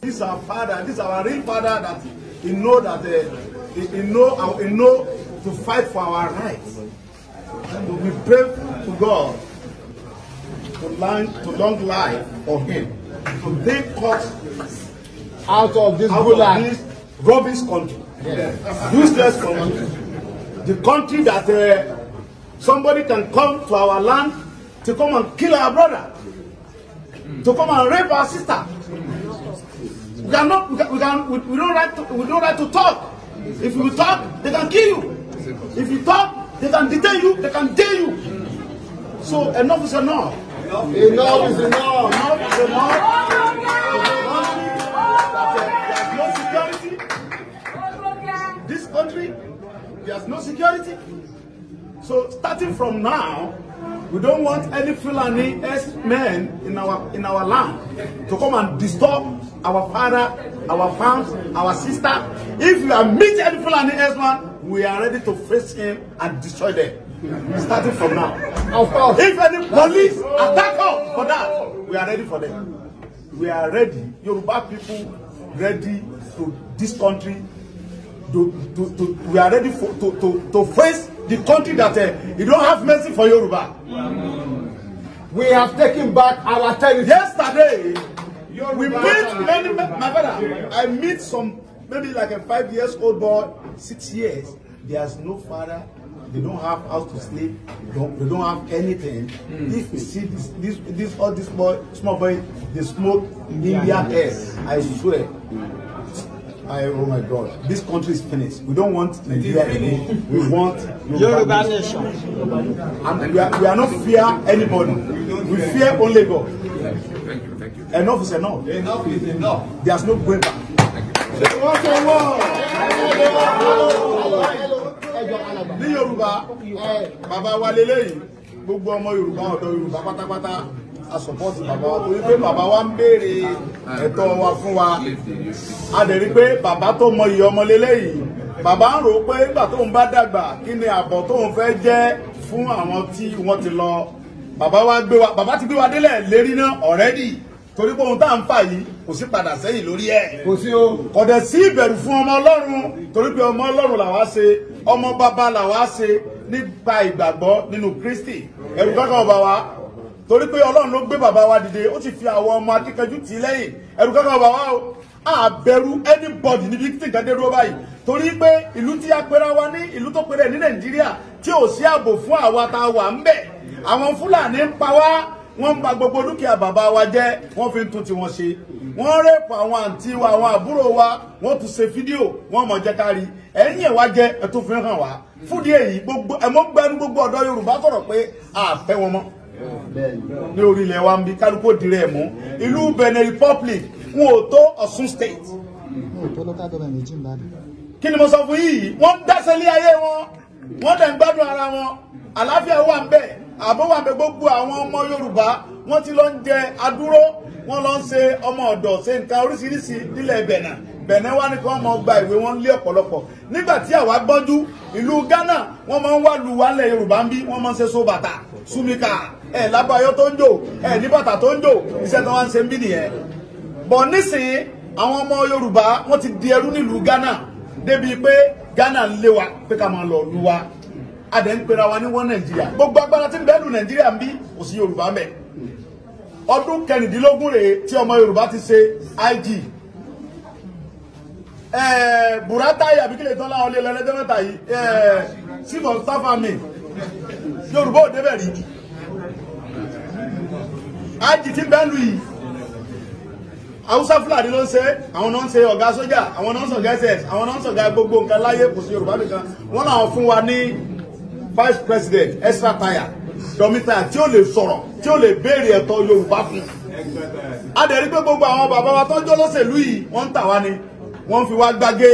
This our father, this our real father that he know that uh, he, he know uh, he know to fight for our rights. And to be brave to God to long, to long life for him. To take us out of this rubbish country. Yes. Useless country. The country that uh, somebody can come to our land to come and kill our brother. To come and rape our sister. We cannot, we, can, we, can, we, we don't right to, we don't right to talk. If you talk, they can kill you. If you talk, they can detain you, they can jail you. So enough is enough. Enough is enough. Enough is enough. Enough is no security. This country, there's no security. So starting from now, we don't want any Fulani S men in our in our land to come and disturb our father, our farms, our sister. If you are meeting any Fulani herdsman, we are ready to face him and destroy them. Starting from now. Of course. If any police attack us for that, we are ready for them. We are ready. Yoruba people ready to this country. To, to, to, we are ready for, to, to, to face the country that uh, you don't have mercy for Yoruba. Wow. We have taken back our territory. Yesterday, We meet many, my father, I meet some, maybe like a five years old boy, six years. There is no father, they don't have house to sleep, they don't, they don't have anything. Mm. If you see this, this, this, all this boy, small boy, they smoke Indian yeah, air. I swear. I, oh my God, this country is finished. We don't want Nigeria anymore. We want Yoruba nation. And we are, we are not fear anybody. We fear only God. Enough is enough. Enough is enough. There's no going back. What a word! Ní Yorùbá, bàbá wa lélẹ́yìn, gbogbo ọmọ Yorùbá ọ̀dọ́ Yorùbá pátápátá, a sọ̀pọ́tì bàbá wa torí pé bàbá wa ń béèrè ẹ̀tọ́ wa fún wa. A dẹ̀ rí pé bàbá tó mọ iye ọmọ lélẹ́yìn, bàbá ń rò pé nígbà tóun bá dàgbà kí ni àbọ̀ tóun fẹ́ jẹ́ fún àwọn tí wọ́n ti lọ. Bàbá ti gbé wa délẹ̀ lérí náà already torí pé ohun tá à ń fà yìí kò sí padà sẹ́yìn lórí ẹ̀. kò sí o. kò dẹ̀ sí ìbẹ̀rù fún ọmọ ọlọ́run torí pé ọmọ ọlọ́run làwa ṣe ọmọ bàbá làwa ṣe nípa ìgbàgbọ́ nínú Kristi ẹ̀rù kankan ọba wa torí pé ọlọ́run ló gbé bàbá wa dìde ó ti fi àwọn ọmọ akíkanjú tì í lẹ́yìn ẹ̀rù kankan ọba wa o àbẹ̀rù anybody níbi tí nǹkan dé dúró báyìí torí pé ìlú tí a pera wa ní ìlú tó pera ẹ̀ ní Nàìjíríà tí ò sí ààbò fún àwa tá wà ń bẹ̀ àwọn Fúlàní ń pa wá wọ́n ń ba gbogbo dúkìá bàbá wa jẹ́ wọ́n fi ń tún tiwọn ṣe wọ́n rẹ́pù àwọn àǹtí wa àwọn àbúrò wa wọ́n tún ṣe fídíò wọ́n mọ̀ jẹ́ kárí ẹ̀yìn ẹ̀ wá jẹ́ ẹ̀ tó fi hàn wá fúdí èyí gbogbo ẹ̀mọ́ gbẹ́nu gbogbo ọ̀dọ́ Yorùbá sọ̀rọ̀ pé àfẹ́ wọn mọ́ ní orílẹ̀ wa ń bi kálukó dirẹ̀ mú ìlú Benin Republic wọn ò tó Ọ̀ṣun state. kí ni mo sọ fún yìí wọ́n dáṣẹ́ lé ayé wọn wọ́n àbọ̀wàbẹ̀ gbogbo àwọn ọmọ Yorùbá wọ́n ti lọ ń jẹ adúró wọ́n lọ ń ṣe ọmọ ọ̀dọ̀ ṣe nǹkan oríṣiríṣi nílẹ̀ bẹ̀nà bẹ̀nà wá ní kí wọ́n mọ gba ìwé wọn lé ọ̀pọ̀lọpọ̀ nígbà tí àwa gbọ́njú ìlú Ghana wọ́n máa ń wá lu wálẹ̀ Yorùbá ń bí wọ́n máa ń ṣe so bàtà súnmíkà ẹ̀ lábàáyọ́ tó ń jò ẹ̀ ní bàtà tó ń jò iṣẹ́ tó wá ń ṣe ń bí nìyẹn bọ̀ nísìnyí àwọn ọmọ Yorùbá wọ́n ti di ẹrú nílùú Ghana débi pé Ghana ń lé wa pé ká máa lọ lu wa adẹ̀ ń pera wa ní wọ́n nàìjíríà gbogbo agbára tí ń bẹ́ẹ̀ lù nàìjíríà ń bí kò sí yorùbá ń bẹ̀ ọdún kẹrìndínlógún rèé tí ọmọ yorùbá ti ṣe ig buratai abikile tọ́lá ọlé lọ́lẹ́dẹ́mẹ́ta yìí simon safami yorùbá ò débẹ̀ rí ig tí ń bẹ́ẹ̀ lù yìí hausa fulani ló ń ṣe àwọn náà ń ṣe ọ̀gá sójà àwọn náà ń ṣọ̀gá ss àwọn náà ń ṣọ̀gá gbogbo nǹkan láyé kò sí yorùbá nìkan wọ́n làwọn fún wa ní vice president extra tire dọ́mítà tí ó lè sọ̀rọ̀ tí ó lè béèrè ẹ̀tọ́ Yorùbá fún a dẹ̀ rí pé gbogbo àwọn bàbá wa tọ́jọ́ lọ́sẹ̀lú yìí wọ́n ń tà wá ni wọ́n fi wá gbàgé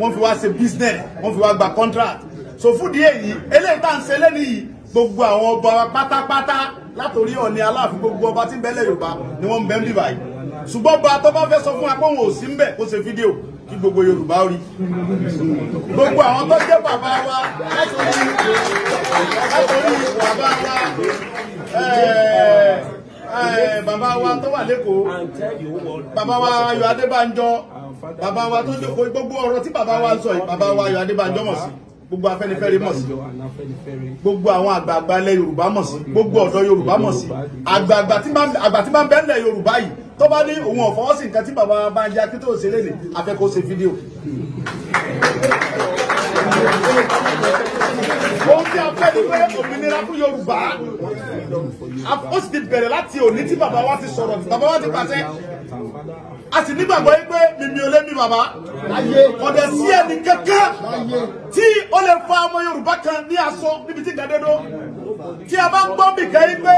wọ́n fi wá ṣe business wọ́n fi wá gba contract so fúdi èyí eléyìí tá à ń ṣe lẹ́nu yìí gbogbo àwọn ọba wa pátápátá látòrí Ọ̀ọ̀ni Aláàfin gbogbo ọba tí ń bẹ́lẹ̀ Yorùbá ni wọ́n ń bẹ́ẹ̀ bíbáyìí ṣùgbọ́n ọba tó bá fẹ́ sọ fún wa pé òun ò sí ń bẹ̀ kó ṣe fídíò kí gbogbo Yorùbá rí gbogbo àwọn tó jẹ́ bàbá wa látòrí látòrí bàbá wa eh, eh, bàbá wa tó wà lẹ́kọ̀ọ́ bàbá wa Ayọ̀ Adébánjọ bàbá wa tó jókòó gbogbo ọ̀rọ̀ tí bàbá wa sọ yìí bàbá wa Ayọ̀ Adébánjọ mọ̀ sí gbogbo Afẹ́nifẹ́re mọ̀ sí gbogbo àwọn àgbààgbà ilẹ̀ Yorùbá mọ̀ sí gbogbo ọ̀dọ́ Yorùbá mọ̀ sí àgbààgbà tí bá ń bẹ́ẹ̀ lẹ̀ Yorùbá yìí tó bá ní òun ọ̀fọwọ́sí nǹkan tí bàbá Banji Akintoye ṣe lé afẹ́kọ́ ṣe fídíò ohun tí a fẹ́ ni pé òmìnira fún Yorùbá ó sì ti bẹ̀rẹ̀ láti òní tí bàbá wa ti sọ̀rọ̀ bàbá wa ti pàṣẹ a sì nígbàgbọ́ yìí pé mímí ò lé mi bàbá ọ̀dẹ̀ sí ẹni kankan tí ó lè fa ọmọ Yorùbá kan ní aṣọ níbi tí gàdédó tí a bá ń gbọ́ bìkan yìí pé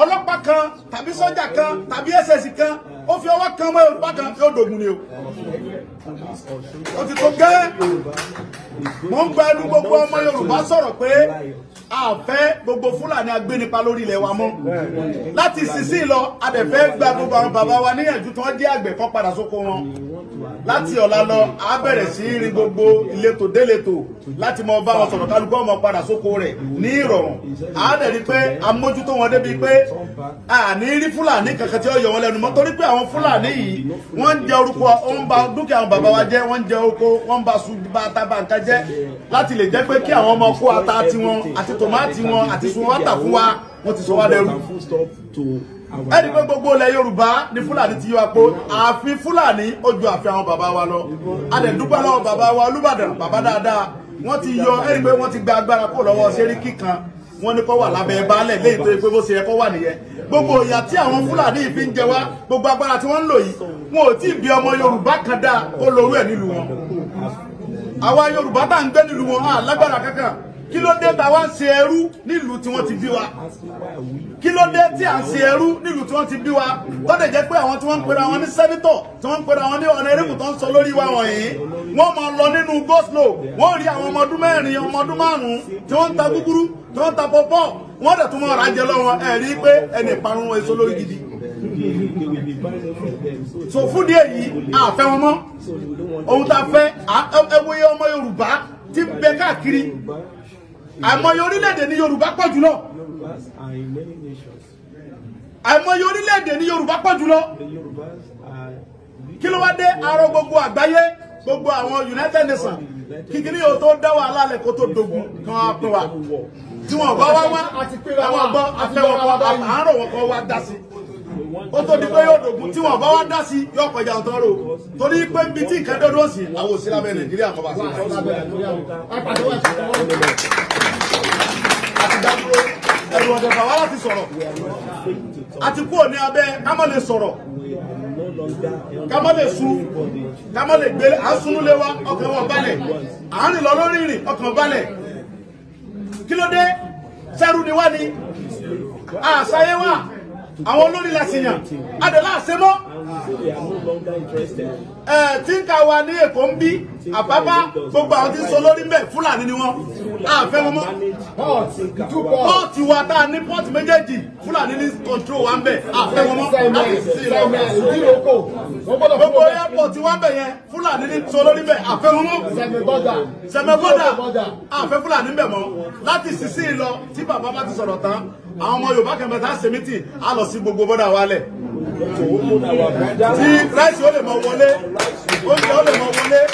ọlọ́pàá kan tàbí sọ́jà kan tàbí ss kan ó fi ọwọ́ kan mọ́ yorùbá kan yóò dògùn ni o ó ti tó gẹ́ mò ń gba ẹnu gbogbo ọmọ yorùbá sọ̀rọ̀ pé àfẹ́ gbogbo fúlàní agbénipa lórí ilẹ̀ wa mọ́ láti sísí lọ adẹ̀fẹ́ gba gbogbo àwọn bàbá wa níyànjú tí wọ́n jẹ́ àgbẹ̀ kan padà sóko wọn láti ọ̀la lọ a bẹ̀rẹ̀ sí í rí gbogbo ìletò déletò láti mọ bá wọn sọ̀rọ̀ kálukú ọmọ padà sóko rẹ̀ ní ìrọ̀rùn a dẹ̀ rí pé a mójútó wọn débi pé a ní rí fúlàní kankan tí ó yọ wọn lẹ́nu mọ́ torí pé àwọn fúlàní yìí wọ́n ń jẹ orúkọ ó ba dúkìá àwọn bàbá wa jẹ́ wọ́n jẹ oko wọ́n ń ba su bàtà bàǹkà jẹ́ láti lè jẹ́ pé kí àwọn ọmọ kó ata tiwọn àti t tòmátì wọn àti sùnwátà fún wa wọ́n ti sọ wá lẹ́rú ẹni pé gbogbo ilẹ̀ yorùbá ni fúlàní ti yọ apó ààfin fúlàní ó ju àwọn bàbá wa lọ adẹ̀dúgbà lọ́wọ́ bàbá wa olúbàdàn bàbá dáadáa wọ́n ti yọ ẹni pé wọ́n ti gba agbára kó lọ́wọ́ sẹ́ríkì kan wọ́n ní kó wà lábẹ́ baálẹ̀ léyìí tó yẹ pé bó ṣe yẹ kó wà nìyẹn gbogbo ìyà tí àwọn fúlàní yìí fi ń jẹ wá gbogbo agbára tí wọ́n ń lò yìí wọn ò tí ì bí ọmọ yorùbá kan dáa kó lorú ẹ̀ nílùú wọn àwa yorùbá tá ń gbé nílùú wọn á lágbára kankan kí ló dé tá a wá ń ṣe ẹrú nílùú tí wọ́n ti bí wa kí ló dé tí à ń ṣe ẹrú nílùú tí wọ́n ti bí wa tó dẹ̀ jẹ́ pé àwọn tí wọ́n ń pera wọn ní sẹ́nítọ̀ tí wọ́n ń pera wọn ní ọ̀nà erékùn tó ń sọ lórí wa wọ̀nyí wọ́n máa lọ nínú goslow wọ́n rí àwọn ọmọ ọdún mẹ́rin ọmọ ọdún márùn-ún tí wọ́n ń ta gúgúrú tí wọ́n ń ta pọ́pọ́ wọ́n dẹ̀ tún mọ́ ọ̀rá jẹ lọ́wọ́ ẹ̀rí pé ẹnì ìparun èso lórí gidi so fún díẹ̀ yìí àfẹ́ wọn mọ́ ohun tá a fẹ́ ẹwọ́ye ọmọ Yorùbá ti bẹ káàkiri àìmọye orílẹ̀-èdè ní Yorùbá pọ̀ jùlọ. àìmọye orílẹ̀-èdè ní Yorùbá pọ̀ jùlọ. kí ló wá dé arọ gbogbo àgbáyé gbogbo àwọn United Nations kíkiri yóò tó dá wàhálà lẹ kó tó dogun kan á pín wa tí wọn bá wá wá àwọn gbọ́ afẹ́wọ̀kọ àárọ̀ wọ̀kọ wá dá sí ó tó di pé yóò dogun tí wọn bá wá dá sí yóò kọjá ọ̀tọ̀ rò torí pé bíi tí nǹkan dọ́dọ́ sí àwọn òsínlábẹ́ Nàìjíríà kọ́ bá sí ìdádúró ẹ̀rù ọ̀dẹ̀fà wá láti sọ̀rọ̀ àti kúrò ní abẹ́ ká má lè sọ̀rọ̀ ká má lè sun ọkàn wọn balẹ̀ àárín lọ lórí ìrìn ọkàn balẹ̀ kí ló ni wá ni àṣàyẹ àwọn olórí la sì yàn adẹ̀ ẹ tí ń ka wa ní èkó ń bí àbábá gbogbo àwọn tí ń so lórí mbẹ fúlàní ni wọn àfẹ wọn mọ pọ́ọ̀tì wa tá a ní pọ́ọ̀tì méjèèjì fúlàní ní kọ̀ntró wa ń bẹ̀ àfẹ wọn mọ gbogbo airport wa ń bẹ̀ yẹn fúlàní ní so lórí mbẹ àfẹ wọn mọ sẹmẹbọdà àfẹ fúlàní ń bẹ̀ mọ láti sísí lọ tí bàbá bá ti sọ̀rọ̀ tán àwọn ọmọ yorùbá kẹmẹta sèmítì á lọ sí gbogbo bọ́dà wa lẹ̀ tí ráìsì ó lè mọ wọlé oúnjẹ ó lè mọ wọlé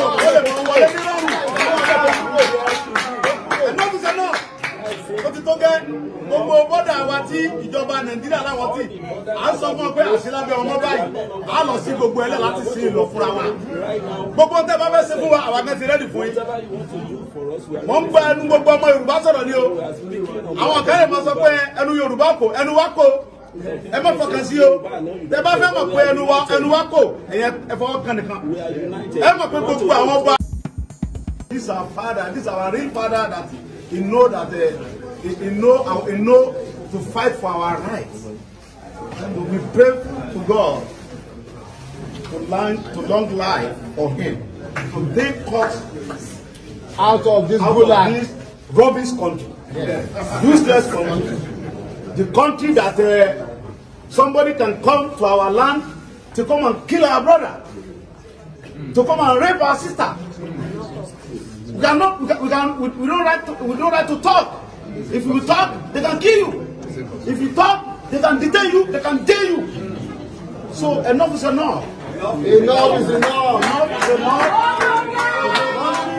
ó lè mọ wọlé ní lọ́rùn ẹ̀dọ́gùsẹ̀ náà ó ti tó gẹ́ gbogbo bọ́dà wa tí ìjọba nàìjíríà láwọn tì à ń sọ fún ọ pé àṣìlábẹ́ ọmọ báyìí á lọ sí gbogbo ẹlẹ́ láti sí ìlọ fúnra wa gbogbo tẹ́ bá fẹ́ ṣe fún wa àwa gan rẹ́dì fún yín wọ́n ń gba ẹnu gbogbo ọmọ yorùbá sọ̀rọ̀ ni o àwọn kan lè sọ pé ẹnu yorùbá kò ẹnu wa kò ẹ má fọkàn sí o tẹ bá fẹ́ mọ̀ pé ẹnu wa ẹnu wa kò ẹ̀yẹ ẹ̀fọwọ́ nìkan ẹ mọ̀ pé gbogbo àwọn ọba. this our father this our real father that he know that uh, eh, he, he know uh, he know to fight for our rights and we pray to God to long to long life for him to take us out of this good life rubbish country yes. useless country the country that. Uh, Somebody can come to our land to come and kill our brother, to come and rape our sister. We cannot, we, can, we, can, we, we don't right. we don't right to talk. If you talk, they can kill you. If you talk, they can detain you, they can jail you. So enough is enough. Enough is enough. Enough is enough. Enough is enough.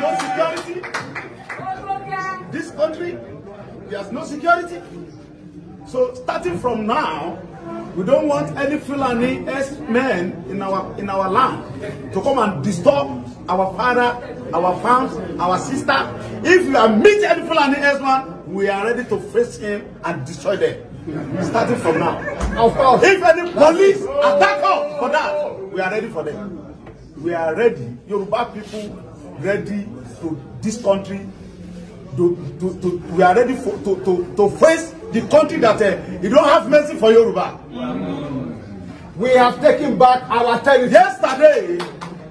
There's no security. This country, there's no security. So starting from now, we don't want any Fulani men in our in our land to come and disturb our father, our farms, our sister. If you are meet any Fulani man, we are ready to face him and destroy them. Starting from now. Of course. If any police attack us for that, we are ready for them. We are ready. Yoruba people ready to this country. To, to, to, we are ready for, to, to, to face the country that uh, you don't have mercy for Yoruba. We have taken back our territory. Yesterday,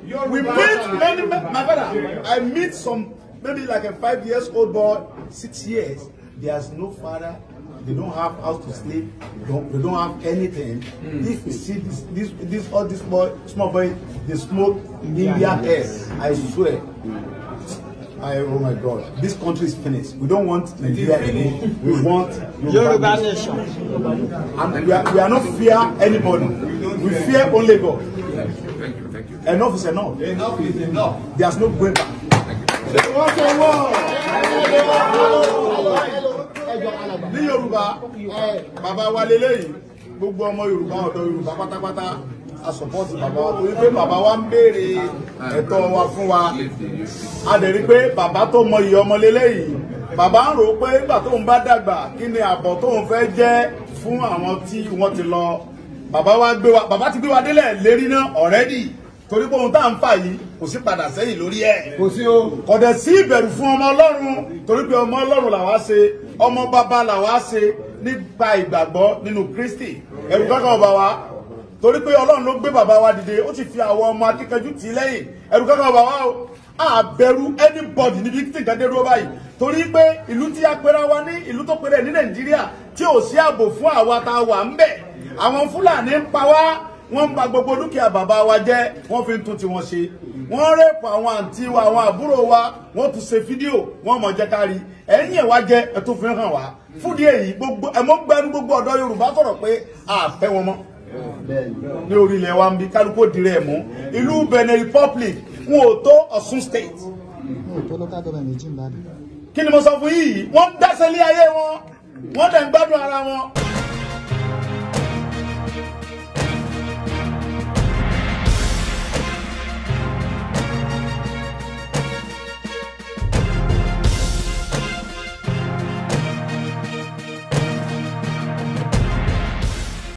Yoruba we meet many, my brother, I meet some, maybe like a five years old boy, six years. There There's no father, they don't have house to sleep, they don't, they don't have anything. Mm. If you see this, this, this, all this boy, small boy, they smoke Indian air, I swear. Mm. I, oh my God, this country is finished. We don't want Nigeria anymore. We want Yoruba nation. And we are, we are not fear anybody. We fear only God. Thank you, thank you. Enough is enough. Enough is enough. There's no going back. What hello. world! Ní Yorùbá, bàbá wa lélẹ́yìn, gbogbo ọmọ Yorùbá, ọ̀dọ́ Yorùbá pátápátá a support Baba. wa torí pé bàbá wa ń béèrè ẹ̀tọ́ wa fún wa a dẹ̀ rí pé bàbá tó mọ iye ọmọ lélẹ́yìí bàbá ń rò ó pé nígbà tóun bá dàgbà kí ni àbọ̀ tóun fẹ́ jẹ́ fún àwọn tí wọ́n ti lọ bàbá wa gbé wa bàbá ti gbé wa délẹ̀ lérí náà already torí pé ohun tá à ń fà yìí kò sí padà sẹ́yìn lórí ẹ̀. kò sí o. kò dẹ̀ sí ìbẹ̀rù fún ọmọ ọlọ́run torí pé ọmọ ọlọ́run làwa ṣe ọmọ bàbá làwa ṣe nípa ìgbàgbọ́ nínú Kristi ẹ̀rù kankan ọba wa torí pé ọlọ́run ló gbé bàbá wa dìde ó sì fi àwọn ọmọ akíkanjú tì í lẹ́yìn ẹ̀rù kankan bàbá o àbẹ̀rù anybody níbi tí nǹkan dé dúró báyìí torí pé ìlú tí a pera wa ní ìlú tó pera ní nàìjíríà tí ò sí ààbò fún àwa tá a wà ń bẹ̀ àwọn fúlàní ń pa wá wọ́n ń bà gbogbo dúkìá bàbá wa jẹ́ wọ́n fi ń tún tiwọn ṣe wọ́n rẹ́pù àwọn àǹtí wa àwọn àbúrò wa wọ́n tún ṣe fídíò wọ́n mọ̀ jẹ́ kárí ẹ̀yìn ẹ̀wá jẹ́ ẹ̀ tó fi hàn wá fúdìí èyí gbogbo ẹ̀mọ́gbẹ́nu gbogbo ọ̀dọ́ yorùbá sọ̀rọ̀ pé àfẹ́ wọn mọ́ ní orílẹ̀ wa ń bi kálukó dirẹ̀ mú ìlú Benin Republic wọn ò tó Ọ̀ṣun state. wọn ò tó local government méjì ń bá mi. kí ni mo sọ fún yìí wọ́n dáṣẹ́ lé ayé wọn wọ́n dẹ̀ ń gbádùn ara wọn.